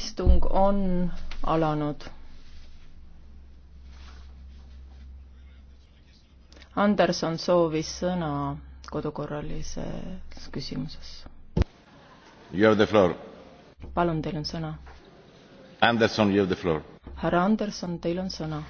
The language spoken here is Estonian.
istung on alanud. Anderson soovis sõna kodukorralises küsimuses. You have the floor. palun, teil on sõna. Anderson, you have the floor. härra Anderson, teil on sõna